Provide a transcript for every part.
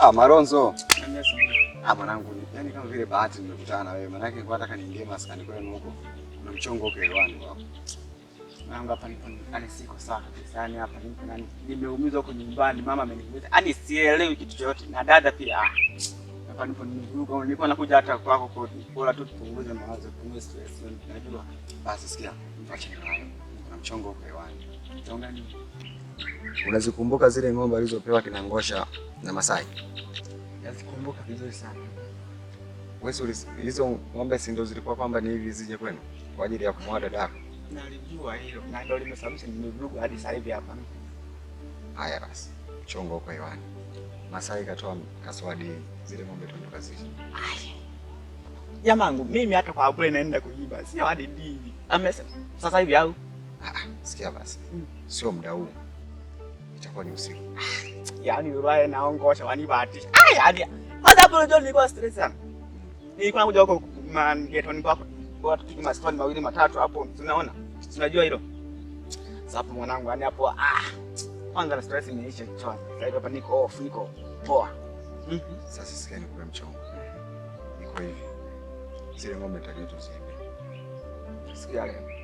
Ah, Maronzo. Ah, mwanangu, yani kama vile bahati nimekutana na wewe. Maana yake nilikuwa nataka niingie maskani kwenu huko. mchongo uko hewani Mwanangu hapa nipo siko sawa kabisa. Yani hapa nipo nani? Nimeumizwa huko nyumbani, mama sielewi kitu chochote na dada pia. Ah, hapa nipo Nilikuwa nakuja hata kwako kwa bora tu tupunguze mawazo, tupunguze stress. Najua. Basi sikia na mchongo uko hewani. Unaona nini? Unazikumbuka zile ng'ombe alizopewa kinangosha na Masai? Nazikumbuka vizuri sana. Wewe hizo ng'ombe si ndio zilikuwa kwamba ni hivi zije kwenu kwa ajili ya kumwoa dadako? Nalijua hilo. Na ndio limesababisha nimevuruga hadi sasa hivi hapa. Haya basi. Mchongo uko hewani. Masai katoa kaswadi zile ng'ombe tondoka zishi. Jamangu, mimi hata kwa bure naenda kujiba. Sio hadi dili. Amesema sasa hivi au? Ah, ah, sikia basi, mm. sio muda huu, itakuwa ni usiku. Ah, yaani ulaya naongosha wanibatisha. Yaani, Hata hapo ndio nilikuwa stress sana. Nilikuwa nakuja huko man getoni kwako, watu tiki mastoni mawili matatu hapo, tunaona tunajua hilo. Sasa mwanangu, yani hapo ah, kwanza stress imeisha kichwani. Sasa hapa niko off, niko poa. Mhm. Sasa sikia, ni kwa mchongo, niko hivi, zile ng'ombe tajutu zipe, sikia leo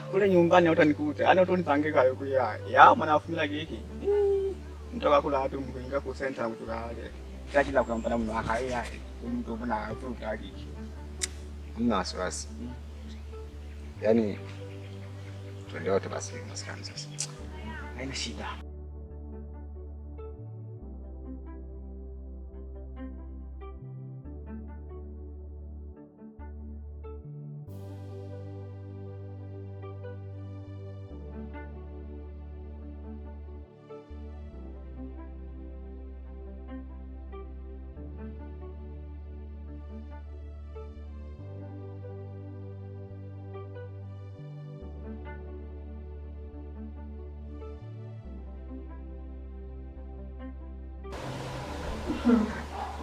kule nyumbani hautanikuta, yaani utonipange kayo kuya ya mwanafumila kiki mtoka kula watu mkuinga ku center kutoka wale tachila kulampana mno akaya mtu mna kuta kiki mna wasiwasi yaani tuendeote basi maskani sasa haina shida.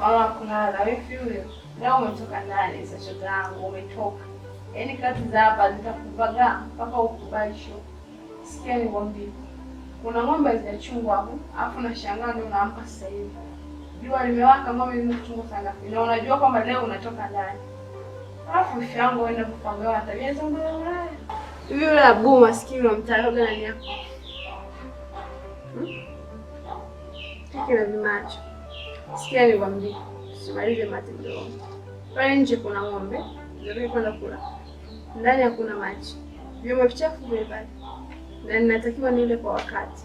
Mama kulala, wewe yule. Leo umetoka nani sasa shoga yangu? Umetoka. Yaani kazi za hapa zitakupaga mpaka ukubaisho. Sikia nikwambie. Kuna ng'ombe zinachungwa hapo, afu na shangaa ndio unaamka sasa hivi. Jua limewaka ng'ombe zinachungwa sana. Na unajua kwamba leo unatoka nani. Alafu ifi yangu waenda kupangawa tabia zangu za Ulaya. Hivi yule Abu maskini wa mtaroga gani hapo? Hmm? Kile vimacho. Sikia nikwambie, simalize matendo. Pale nje kuna ng'ombe, ndio kwenda kula. Ndani hakuna maji, vyombo vichafu vimebaki, na ninatakiwa nile kwa wakati.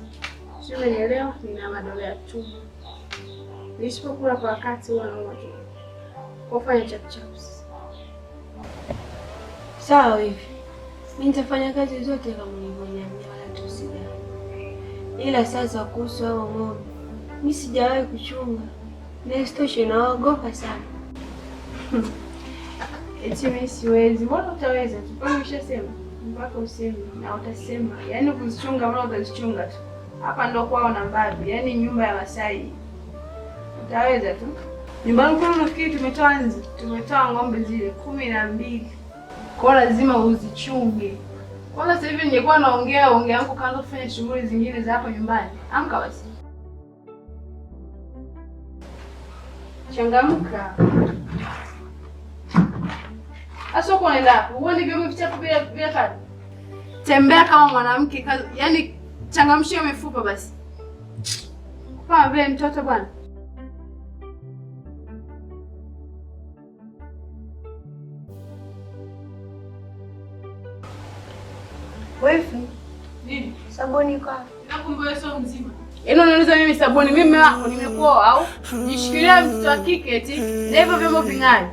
Sio, umenielewa? Nina madole ya tumbo, nisipokula kwa wakati huwa nauma tumbo. Kufanya chapchaps. Sawa, hivi mimi nitafanya kazi zote kama ulivyoniambia, wala tusijali. Ila sasa kuhusu hao ng'ombe, mimi sijawahi kuchunga Nestoshi, naogopa sana. Eti mimi siwezi. Mbona utaweza? Tupanga ushasema. Mpaka useme na utasema. Yaani kuzichunga mbona utazichunga tu. Hapa ndo kwao na mbabi. Yaani nyumba ya Wasai. Utaweza tu. Nyumba yangu nafikiri tumetoa nzi. Tumetoa ng'ombe zile kumi na mbili. Kwa lazima uzichunge. Kwanza sasa hivi ningekuwa naongea ongea yangu kando kufanya shughuli zingine za hapa nyumbani. Amka basi. Changamka. Asa kwa unaenda hapo. Uone vyombo vichafu bila bila kadi. Tembea kama mwanamke, yaani changamshia mifupa basi. Kama vile mtoto bwana. Wewe? Nini? Sabuni kwa. Nakumbuka sio mzima. Yaani unaniuliza mimi sabuni, mimi wako nimekuoa au? Nishikilia mtoto wa kike eti na hivyo vyombo ving'ani.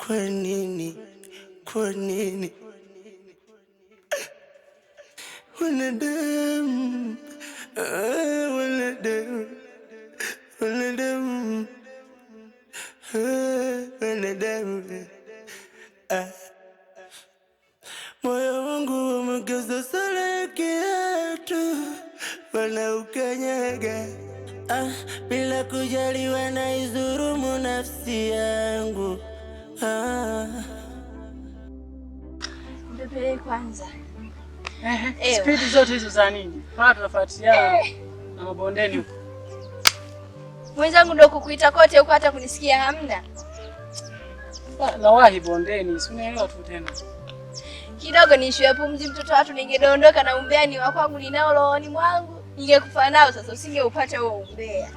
Kwa nini? Kwa nini? Wanadamu yangu ah. Bebe kwanza. speed zote hizo za nini? Aa, tunafuatiana eh. na mabondeni huko. Mwenzangu ndio kukuita kote huko hata kunisikia hamna. Ah, nawahi bondeni, si unaelewa tu tena. Kidogo ni niishiwe pumzi, mtoto watu, ningedondoka na umbea ni wa kwangu ninao rohoni mwangu, ningekufa nao sasa, usingeupata huo umbea.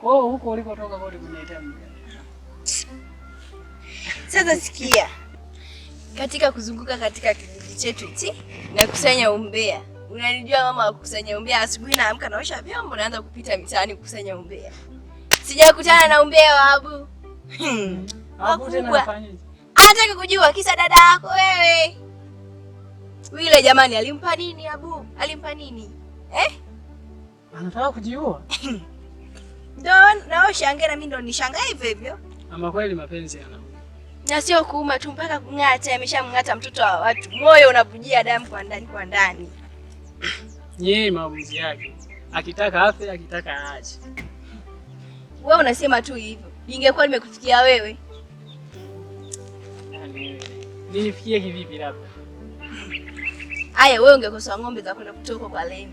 Kwa hiyo huko ulikotoka kote Sasa sikia, katika kuzunguka katika kijiji chetu hichi na kusanya umbea, unanijua mama wa kukusanya umbea. Asubuhi naamka naosha vyombo, naanza kupita mitaani kukusanya umbea. Sijakutana na umbea wa Abu hmm. wakubwa, anataka kujua kisa dada yako wewe. Yule jamani, alimpa nini Abu? Alimpa nini eh? anataka kujua Ndio shangae na mimi ndo nishangae hivyo hivyo. Ama kweli mapenzi yana na sio kuuma tu mpaka kung'ata, ameshamng'ata mtoto wa watu, moyo unavujia damu kwa ndani kwa ndani. Yeye maamuzi yake, akitaka afe, akitaka aache. Wewe unasema tu hivyo, ningekuwa nimekufikia wewe. Ninifikie kivipi? Labda haya, wewe ungekosa ng'ombe za kwenda kutoka kwa Lemi.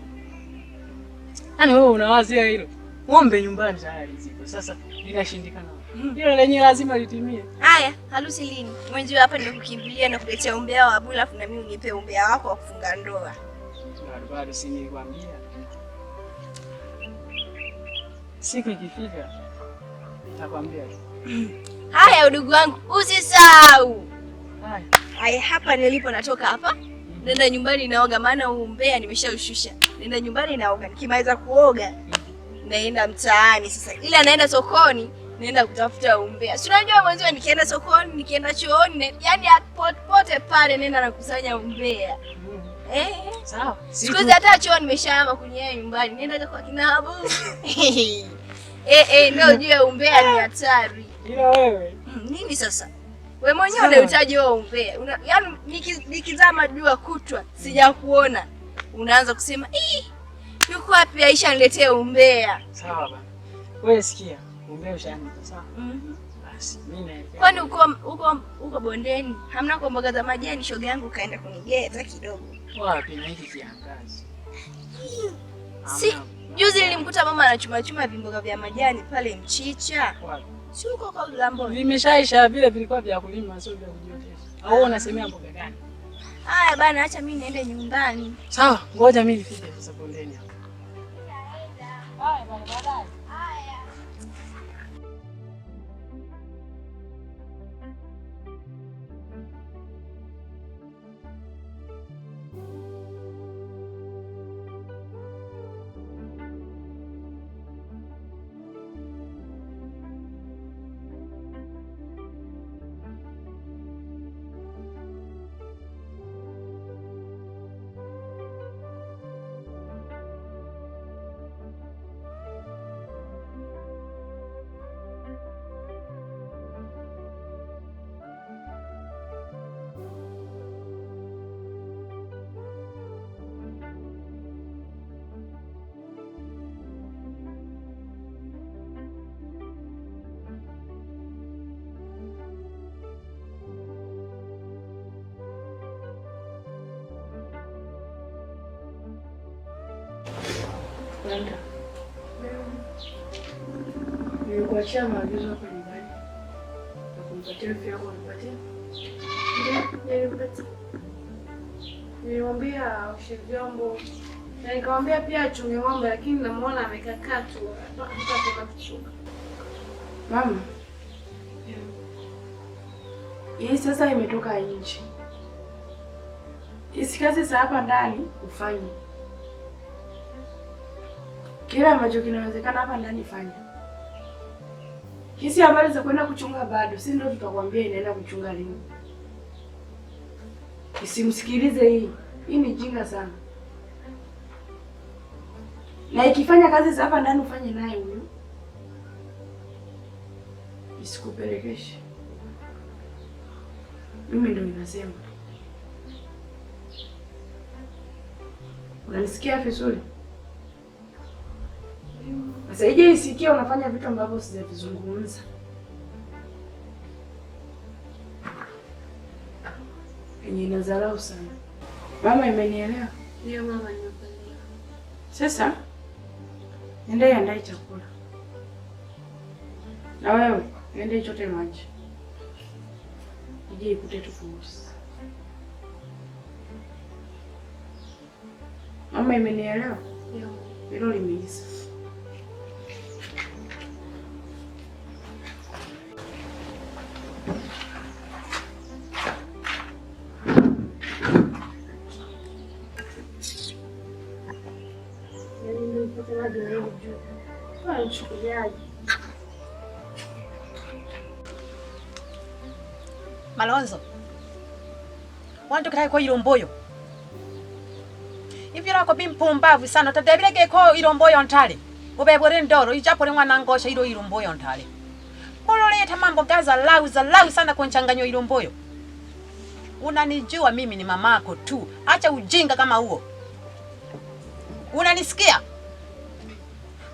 Yaani wewe unawaza hilo? ng'ombe nyumbani tayari zipo, sasa inashindikana hilo mm, lenyewe lazima litimie. Haya, harusi lini? Mwenziwe hapa ndio kukimbilia na kuletea umbea wa bula, na mimi unipe umbea wako wa kufunga ndoa. Bado si nilikwambia siku ikifika nitakwambia. Haya, udugu wangu usisahau. Haya, hapa nilipo natoka hapa nenda nyumbani naoga, maana huu umbea nimeshaushusha. Nenda nyumbani naoga, nikimaliza kuoga naenda mtaani sasa, ila naenda sokoni, naenda kutafuta umbea. Si unajua mwanzo, nikienda sokoni, nikienda chooni, yani popote pale naenda nakusanya umbea. Eh, eh. sawa. Sikuzi hata choo nimeshaama kunyea nyumbani, nenda kwa kina Abu. Eh, eh, ndio jua umbea ni hatari. Ila wewe hmm, nini sasa? We mwenyewe unahitaji wewe umbea. Yaani nikizama jua kutwa sijakuona. Unaanza kusema, "Ii, Yuko wapi Aisha niletee umbea? Sawa baba. Wewe sikia, umbea ushaanza sawa? Mhm. Basi mimi naelekea. Kwani uko uko uko bondeni? Hamna kwa mboga za majani shoga yangu kaenda kunigeza kidogo. Wapi na hizi kiangazi? Si juzi nilimkuta mama anachuma chuma vimboga vya majani pale mchicha. Wapi? Si uko kwa Ulambo. Vimeshaisha vile vilikuwa vya kulima sio vya kujiotesha. Au unasemea mboga gani? Haya bana, acha mimi niende nyumbani. Sawa, ngoja mimi nifike sasa bondeni. 哎，明白的。Santa. Nilikuachia maagizo hapa nyumbani na kumpatia mke wako. Unipatia? Nilimwambia oshe vyombo na nikamwambia pia achunge ng'ombe, lakini namuona amekakaa tu hata kuchunga. Mama, hii sasa imetoka nje, isikazi za hapa ndani ufanye Kile ambacho kinawezekana hapa ndani fanya. Hizi habari za kwenda kuchunga bado, si ndio? Tutakwambia inaenda kuchunga lini. Isimsikilize hii, hii ni jinga sana, na ikifanya kazi za hapa ndani ufanye naye huyu, isikupelekeshe. Mimi ndio ninasema, unanisikia vizuri? Sije isikia unafanya vitu ambavyo sijavizungumza. Yenye inadharau sana. Mama imenielewa? Ndio mama nimekuelewa. Sasa endei andai chakula. Na wewe nenda ichote maji. Ije ikute tofauti. Mama imenielewa? Ndio. Hilo limeisa. Chukuliaje Malonzo wantukitako ilomboyo ivilakobbi mpumbavu sana taddevilekeko ilomboyo ntale ubevwele ndolo ijapole mwana ngosha ilo ilomboyo ntale kuloleta mambo lau za lau sana kunchanganyo ilomboyo unanijua mimi ni mamako tu acha ujinga kama huo unanisikia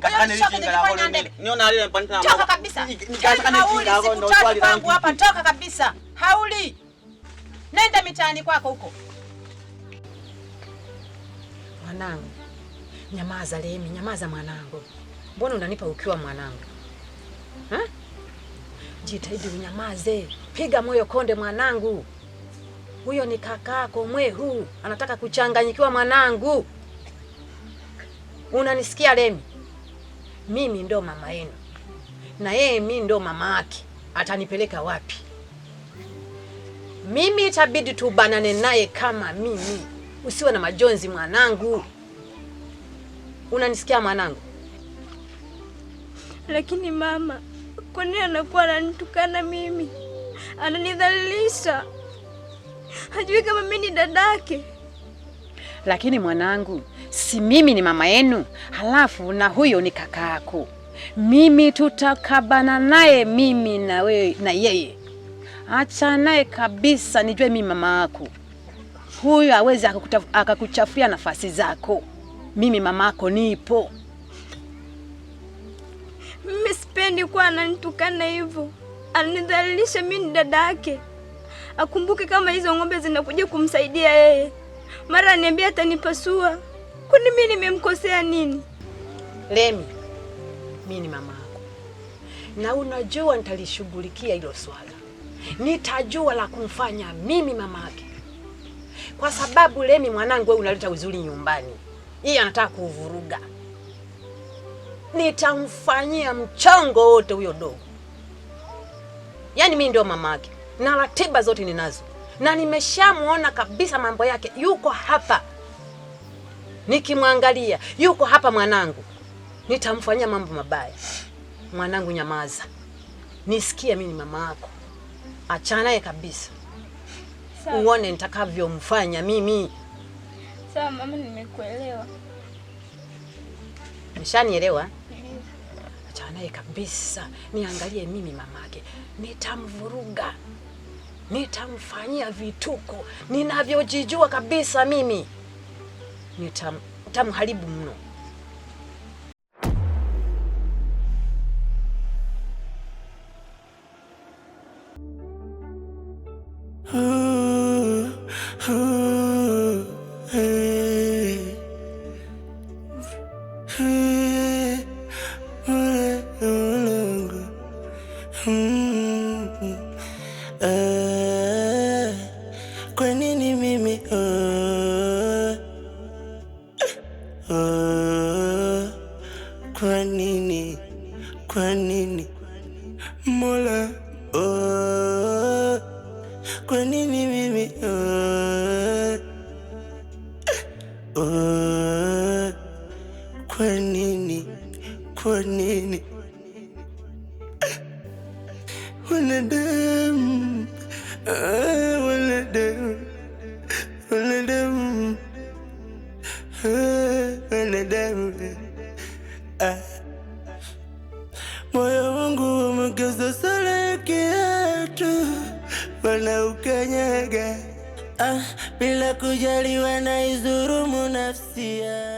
Toka kabisa. Yaani kwangu hapa, toka kabisa. Hauli. Nenda mitaani kwako huko. Mwanangu. Nyamaza Lemi, nyamaza mwanangu. Mbona unanipa ukiwa mwanangu? Ha? Jitahidi unyamaze. Piga moyo konde mwanangu. Huyo ni kakako mwehu, anataka kuchanganyikiwa mwanangu. Unanisikia Lemi? mimi ndo mama yenu na yeye mi ndo mama yake, atanipeleka wapi? Mimi itabidi tubanane naye kama mimi. Usiwe na majonzi mwanangu, unanisikia mwanangu? Lakini mama, kwa nini anakuwa ananitukana mimi, ananidhalilisha? Hajui kama mimi ni dadake. Lakini mwanangu si mimi ni mama yenu, halafu na huyo ni kaka yako. Mimi tutakabana naye mimi na wewe na yeye, acha naye kabisa, nijue mimi mama yako. Huyo hawezi akakuchafulia nafasi zako. Mimi mama yako nipo. Mimi sipendi kuwa ananitukana hivyo, anidhalilisha mimi ni dada yake. Akumbuke kama hizo ng'ombe zinakuja kumsaidia yeye, mara aniambia atanipasua. Kwani mimi nimemkosea nini? Lemi, mimi ni mama yako, na unajua nitalishughulikia hilo swala, nitajua la kumfanya mimi mama yake, kwa sababu Lemi mwanangu, wewe unaleta uzuri nyumbani, yeye anataka kuvuruga Nitamfanyia mchongo wote huyo dogo. Yaani mimi ndio mama yake na ratiba zote ninazo, na nimeshamuona kabisa mambo yake, yuko hapa nikimwangalia yuko hapa mwanangu, nitamfanyia mambo mabaya. Mwanangu, nyamaza, nisikie, mimi ni mama yako, achanaye kabisa, uone nitakavyomfanya mimi. Sawa mama, nimekuelewa. Mshanielewa? naye kabisa, niangalie mimi mamake, nitamvuruga, nitamfanyia vituko ninavyojijua kabisa mimi nitamharibu mno. Kwa nini? Kwa nini? Wanadamu, eh, wanadamu, wanadamu, eh, wanadamu. Eh. Moyo wangu umegeuza sala ah, ya kiatu, wanaukanyaga bila kujali, wanaidhulumu nafsi.